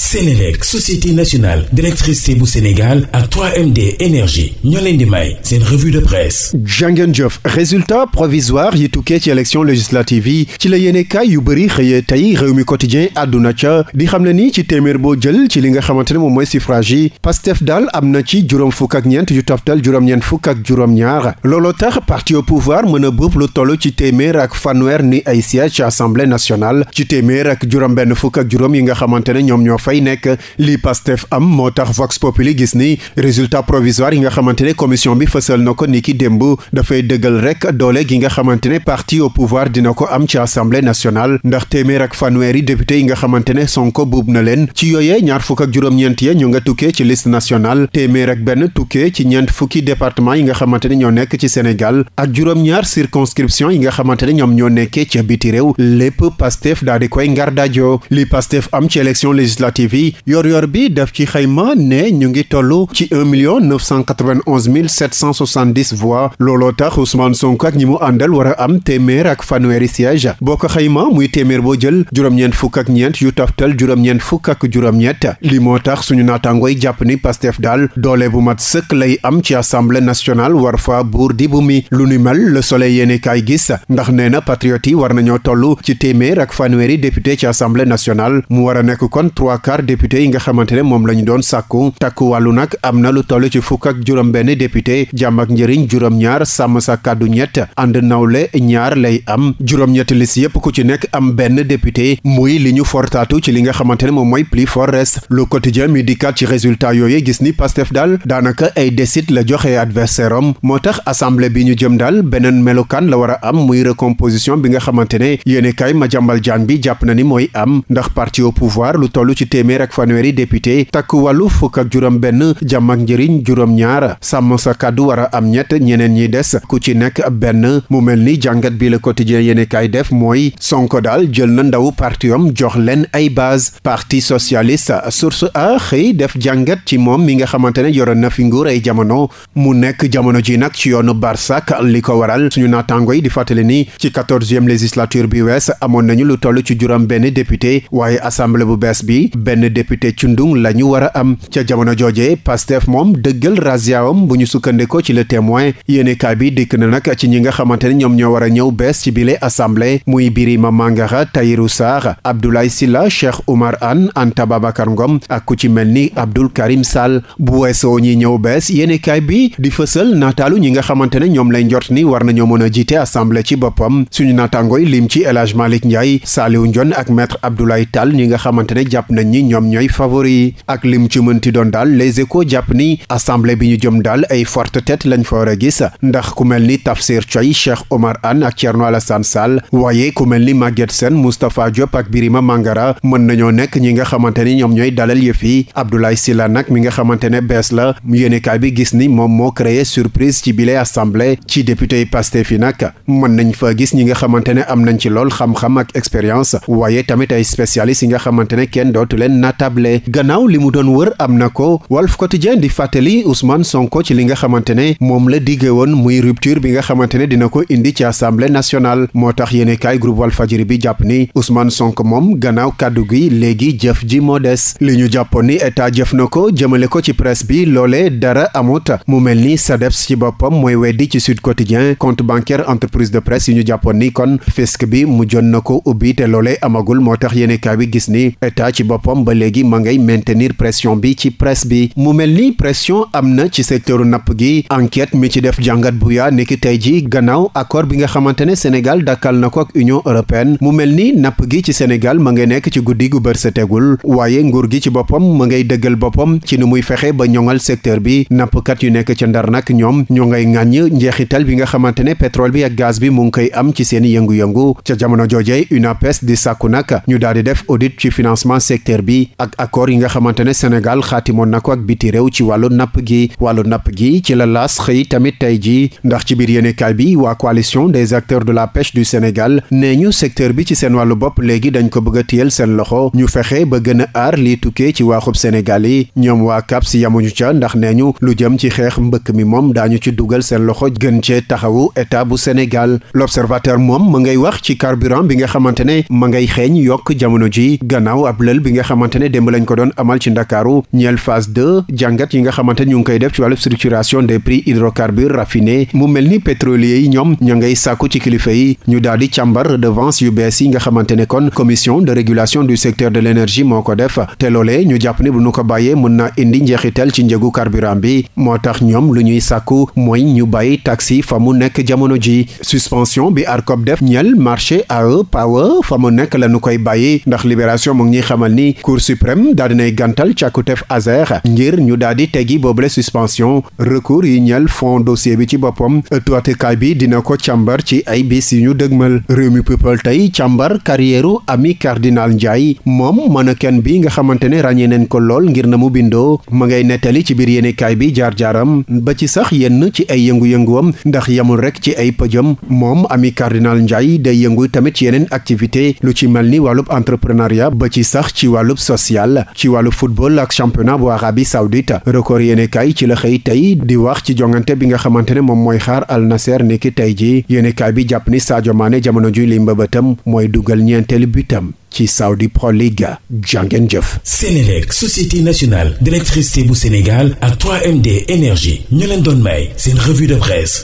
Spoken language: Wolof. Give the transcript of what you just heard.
Sénélec société nationale d'électricité bu Sénégal ak 3MD énergie ñoo leen may seen de presse résultat provisoire yi tukkee ci élection législative yi ci la yéene yu bëri xëyee tey réew mi quotidien àdduna ca di xam ne ni ci téeméer boo jël ci li nga xamante ne moom mooy suffrage yi pastef daal am na ci juróom fukk ak juróom-ñeent fukk ak juróom-ñaar looloo tax parti au pouvoir mën a bëpp lu toll ci téeméer ak fanweer ni ay siège ci assemblée nationale ci téeméer ak juróom benn fukk ak juróom yi nga xamante ne ñoom ñoo fay nekk lii Pastef am moo tax Vox Populi gis ni résultat provisoire yi nga xamante ne commission bi fësal na ko ni ki démb dafay dëggal rek doole gi nga xamante ne parti au pouvoir dina ko am ci assemblée nationale ndax téeméer ak fanweeri député yi nga xamante ne Sonko buub na leen ci yooyee ñaar fukk juróom-ñeent ya ñu nga tukkee ci liste nationale téeméer ak benn tukkee ci ñeent fukki département yi nga xamante ne ñoo nekk ci Sénégal ak juróom-ñaar circonscription yi nga xamante ne ñoom ñoo nekkee ca biti réew lépp Pastef TV yor-yor bi daf ci xayma ne ñu ngi toll ci un mille sept cent soixante-dix voix looloo tax Ousmane Sonko ak ñi mu àndal war a am téeméer ak fanweeri siège boo ko xayma muy téeméer boo jël juróom fukk ak ñeent yu taftal juróom-ñeent juróom-ñett li moo tax suñu naataangooy jàpp ni Pastef daal doole bu mat sëkk lay am ci assemblée nationale war fa buur di bu mi lu ni mel la soleil yéene kaay gis ndax nee na patriote yi war nañoo toll ci téeméer ak fanweeri député ci assemblée nationale mu war nekk kon yaakaar député yi nga xamante ne moom la ñu doon sàkku takku wàllu nag am na lu toll ci fukk ak juróom-benn député jàmm ak njëriñ juróom-ñaar sàmm sa kàddu ñett ànd nawle ñaar lay am juróom-ñetti lis ku ci nekk am benn député muy li ñu fortaatu ci li nga xamante ne moom mooy plus fort reste le quotidien mi dikkaat ci résultat yooyu gis ni Pastef daal daanaka ay décide la joxe adversaire am moo tax assemblée bi ñu jëm daal beneen melokaan la war a am muy recomposition bi nga xamante ne yéene kay ma jàmbal jaan bi jàpp na ni mooy am ndax parti au pouvoir lu toll ci téeméer ak fanweeri député takk wàllu fukk ak juróom benn jàmm ak njëriñ juróom ñaar sàmm sa kàddu war a am ñett ñeneen ñi des ku ci nekk benn mu mel ni jàngat bi la quotidien yéene kaay def mooy sonko daal jël na ndaw partiam jox leen ay base parti socialiste source a xëy def jàngat ci moom mi nga xamante ne yoroon na fi nguur ay jamono mu nekk jamono ji nag ci yoonu barsak li ko waral suñu naataango yi di fàttali ni ci quatorzième législature bi wees amoon nañu lu toll ci juróom benn député waaye assemblée bu bees bi benn député cundung la ñu war a am ca jamono jooje Pastef moom dëggal raziaam bu ñu sukkandikoo ci le témoin yéenekaay bi dikk na nag ci ñi nga xamante ne ñoom ñoo war a ñëw bees ci bile assemblée muy Birima Mangara Tahirou Sarr Abdoulaye Sylla Cheikh Oumar Anne Anta Babacar Ngom ak ku ci mel ni Abdoul Karim Sall bu weesoo ñi ñëw bees yéenekaay bi di fësal nataalu ñi nga xamante ne ñoom lay njot ni war na ñoo mën a jiite assemblée ci boppam suñu naataangooy lim ci El Hadj Malick Ndiaye ñeneen ñi ñoom ñooy favori yi ak lim ci mënti doon daal les échos jàpp ni assemblée bi ñu jëm daal ay forte tête lañ fa war a gis ndax ku mel ni Tafsir Coy Cheikh Omar Anne ak Thierno Alassane Sall waaye ku mel ni Maguette Sène Moustapha Diop ak Birima Mangara mën nañoo nekk ñi nga xamante ni ñoom ñooy dalal yëf yi Abdoulaye Sylla nag mi nga xamante ne bees la yéenekaay bi gis ni moom moo créé surprise ci bile assemblée ci député yi Pastef yi nag mën nañ fa gis ñi nga xamante ne am nañ ci lool xam-xam ak expérience waaye tamit ay spécialistes yi leen natable gannaaw li mu doon wër am na ko Walf Quotidien di fàttali Ousmane Sonko ci li nga xamante ne moom la diggee woon muy rupture bi nga xamante ne dina ko indi ci assemblée national moo tax yéene kaay groupe Walfadjri bi jàpp ni Ousmane Sonko moom gannaaw kàddu gi léegi jëf ji moo des li ñu jàppoon ni état jëf na ko jëmale ko ci presse bi loole dara amut mu mel ni def ci boppam mooy weddi ci Sud Quotidien compte bancaire entreprise de presse yu ñu jàppoon ni kon fisc bi mu jon na ko ubbi te amagul moo tax yéene bi gis ni ci boppam boppam ba léegi ma ngay maintenir pression bi ci presse bi mu mel ni pression am na ci secteuru napp gi enquête mi ci def jàngat bu yaa niki tey ji gannaaw accord bi nga xamante ne Sénégal dakkal na ko ak Union européenne mu mel ni napp gi ci Sénégal ma ngay nekk ci guddi gu bër sa bërsetegul waaye nguur gi ci boppam ma ngay dëggal boppam ci ni muy fexe ba ñoŋal secteur bi nappkat yu nekk ca Ndar nag ñoom ñoo ngay ŋàññ njeexital bi nga xamante ne pétrole bi ak gaz bi mu ngi koy am ci seen yëngu-yëngu ca jamono joojee DER bi ak accord yi nga xamante ne Sénégal xaatimoon na ko ak biti réew ci wàllu napp gi wàllu napp gi ci la laas xëy tamit tey ji ndax ci biir yenekaay bi waa coalition des acteurs de la pêche du Sénégal nee ñu secteur bi ci seen wàllu bopp léegi dañ ko bëgg a téyel seen loxo ñu fexe ba gën a aar lii tukkee ci waaxub Sénégal yi ñoom waa CAPS yamuñu ca ndax nee ñu lu jëm ci xeex mbëkk mi moom daañu ci dugal seen loxo gën cee taxawu état bu Sénégal l'observateur moom ma ngay wax ci carburant bi nga xamante ne ma ngay xeeñ yokk jamono ji xamante ne démb lañ ko doon amal ci ndakaaru ñeel phase 2 jàngat yi nga xamante ne ñu ngi koy def ci wàllu structuration des prix hydrocarbures raffinés mu mel ni pétrolier yi ñoom ña ngay sàkku ci kilifa yi ñu daal di càmbar redevance yu bees yi nga xamante ne kon commission de régulation du secteur de l'énergie moo ko def te loolee ñu jàpp ne bu nu ko bàyyee mën na indi njeexital ci njëgu carburant bi moo tax ñoom lu ñuy sàkku mooy ñu bàyyi taxi fa mu nekk jamono ji suspension bi ARCOP def ñeel marché AE Power fa la ñu koy ni cour suprême daa dinay gàntal càkkuteef Azer ngir ñu daal di teggi boobule suspension recours yi ñel fond dossier bi ci boppam ëttu attekaay bi dina ko càmbar ci ay bis yu ñu dëgmal réew mi people tey càmbar carrièru ami cardinal Ndiaye moom kenn bi nga xamante ne ràññee neen ko lool ngir na mu bindoo ma ngay nettali ci biir yéenekaay bi jaar-jaaram ba ci sax yenn ci ay yëngu-yënguwam ndax yamul rek ci ay pëjam moom ami cardinal Ndiaye day yëngu tamit ci activité wàllub social ci wàllu football ak championnat bu Arabie Saoudite record yéenekaay ci la xëy tey di wax ci jongante bi nga xamante ne moom mooy xaar Al Nasser niki tey ji yéenekaay bi jàpp ni Sadio Mané jamono ju li mbëbëtam mooy dugal ñeenteelu butam ci Saudi Pro League jàngeen jëf Sénélec société nationale d'électricité bu Sénégal ak 3MD énergie ñu leen doon may seen revue de presse